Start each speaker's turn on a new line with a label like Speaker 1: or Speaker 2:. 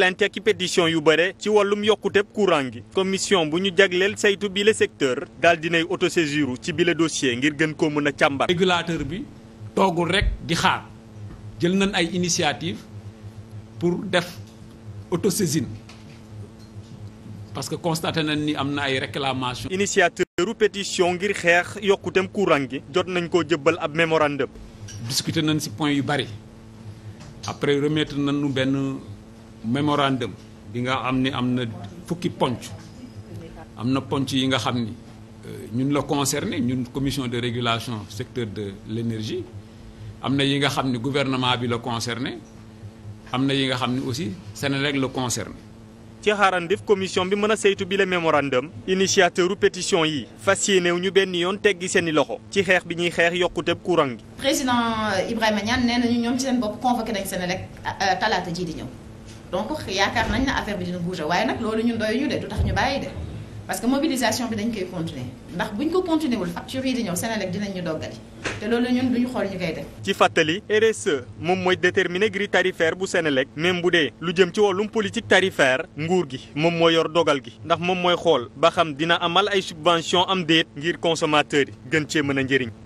Speaker 1: plainte ak pétition yu bare ci wàllum yokkuteb courant gi commission bu ñu jagleel saytu bi le secteur daal auto autosaisiru ci bile le dossier ngir gën koo mën a càmbar régulateur bi
Speaker 2: toogul rek di xaar jël nañ ay initiative pour def auto autosaisine
Speaker 1: parce que constaté nañ ni am na ay réclamations. initiateuru pétition ngir xeex yokkutem courant gi. jot nañ koo jëbbal ab mémorandum. discuter nañ ci point yu bari après remettre nañ nu benn.
Speaker 2: mémorandum bi nga am ni am na fukki ponc am na ponc yi nga xam ni euh, ñun la concerné ñun commission de régulation secteur de l'énergie am na yi nga xam ni gouvernement bi la concerné am na yi nga xam ni aussi rek
Speaker 1: la concerné ci def commission bi mën a saytu bi le mémorandum initiateuru pétition yi fas yéenew ñu benn yoon teggi seeni loxo ci xeex bi ñuy xeex yokkuteb courant gi
Speaker 3: président Ibrahima Niane nee nañu ñoom ci seen bopp convoqué nañ Senelec euh, donc yaakaar nañ ne affaire bi dina bouger waaye nag loolu ñun ñu de du tax ñu bàyyi de parce que mobilisation bi dañ koy continuer ndax buñ ko continuer wul facture yi di ñëw Senelec dinañ ñu doggali te loolu ñun duñu xool ñu koy def.
Speaker 1: ci fàttali RSE moom mooy déterminer grille tarifaire bu Senelec même bu dee lu jëm ci wàllum politique tarifaire nguur gi moom mooy yor dogal gi ndax moom mooy xool ba xam dina amal ay subvention am déet ngir consommateur yi gën cee mën a njëriñ.